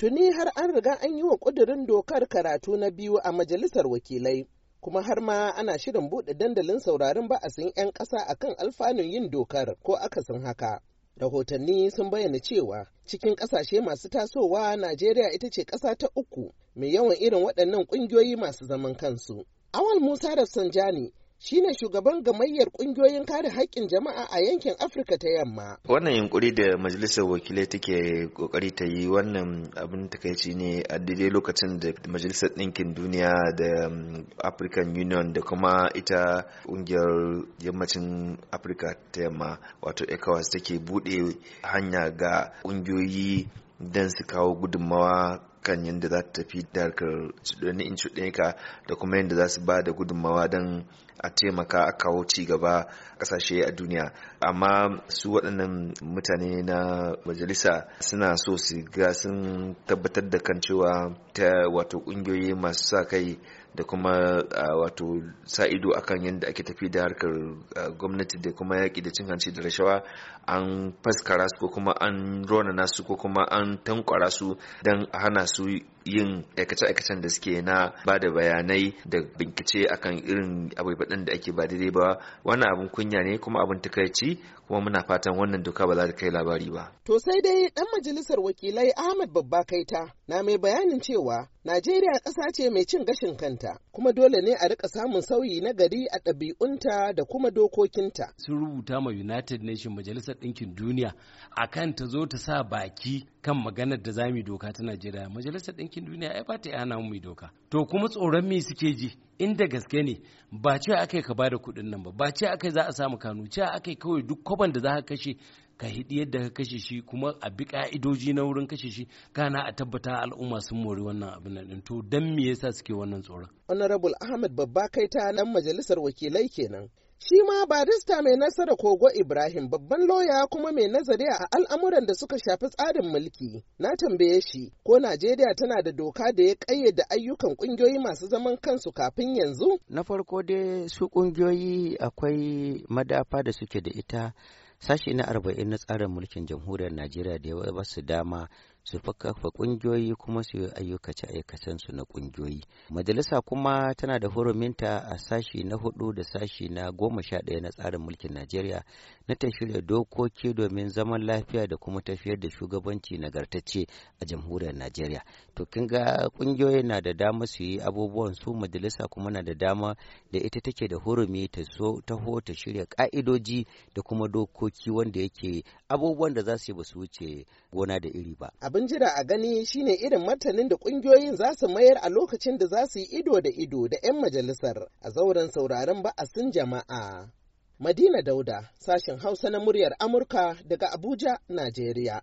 Tuni har an riga an yi wa ƙudurin dokar karatu na biyu a majalisar wakilai, kuma har ma ana shirin buɗe dandalin sauraron ba'asin 'yan ƙasa a kan alfanun yin dokar ko akasin haka. Rahotanni sun bayyana cewa cikin ƙasashe masu tasowa Najeriya ita ce ƙasa ta uku mai yawan irin waɗannan ƙungiyoyi masu zaman kansu. Awal Musa da Sanjani. shine shugaban gamayyar kungiyoyin kare haƙƙin jama'a a yankin Afirka ta Yamma. Wannan yunkuri da majalisar wakilai take kokari ta yi wannan abin takaici ne a daidai lokacin da majalisar ɗinkin duniya da um, African Union da kuma ita ƙungiyar yammacin Afirka ta Yamma wato ECOWAS take buɗe hanya ga ƙungiyoyi don su kawo gudunmawa kan yadda za ta tafi da harkar cuɗani in da kuma yadda za su ba da gudunmawa don a taimaka a kawo cigaba gaba ƙasashe a duniya amma su waɗannan mutane na majalisa suna so su ga sun tabbatar da kan cewa ta wato ƙungiyoyi masu sa kai da kuma wato sa ido kan yadda ake tafi da harkar gwamnati da kuma yaƙi da cin hanci da rashawa an faskara su ko kuma an ronana su ko kuma an tankwara su don hana masu yin aikace-aikacen da suke na ba da bayanai da bincike akan irin abubuwan da ake ba daidai ba wannan abin kunya ne kuma abin takaici kuma muna fatan wannan doka ba za ta kai labari ba. To sai dai ɗan majalisar wakilai Ahmad Babba Kaita na mai bayanin cewa Najeriya ƙasa ce mai cin gashin kanta, kuma dole ne a rika samun sauyi na gari a ɗabi'unta da kuma dokokinta. Sun rubuta ma United Nations Majalisar Ɗinkin Duniya a kan ta zo ta sa baki kan maganar da yi doka ta Najeriya. Majalisar Ɗinkin Duniya ai ba ta hana mu doka. To kuma tsoron me suke ji? Inda gaske ne ba ce aka yi ka bada kuɗin nan ba, ba ce aka za a samu kanu, ce aka yi kawai duk kwaban da za ka kashe ka hidi yadda ka kashe shi kuma a bi ka'idoji na wurin kashe shi kana a tabbata al'umma sun mori wannan abin nan to dan me yasa suke wannan tsoron honorable ahmed babba kai ta nan majalisar wakilai kenan shi ma barista mai nasara kogo ibrahim babban loya kuma mai nazari a al'amuran da suka shafi tsarin mulki na tambaye shi ko najeriya tana da doka da ya ƙayyade ayyukan kungiyoyi masu zaman kansu kafin yanzu na farko dai su kungiyoyi akwai madafa da suke da ita Sashe na arba'in na tsarin mulkin jamhuriyar Najeriya da ya ba su dama su fakafa kungiyoyi kuma su yi ayyukace ayyukacen su na kungiyoyi majalisa kuma tana da huruminta a sashi na hudu da sashi na goma sha ɗaya na tsarin mulkin najeriya na ta shirya dokoki domin zaman lafiya da kuma tafiyar da shugabanci nagartacce a jamhuriyar najeriya to kin ga kungiyoyi na da dama su yi abubuwan su majalisa kuma na da dama da ita take da hurumi ta so taho ta shirya ka'idoji da kuma dokoki wanda yake abubuwan da za su yi ba su wuce gona da iri ba abin jira a gani shine irin martanin da kungiyoyin za su mayar a lokacin da za su yi ido da ido da 'yan majalisar a zauren sauraron ba'asin jama'a. Madina Dauda, sashen Hausa na muryar Amurka daga Abuja, Najeriya.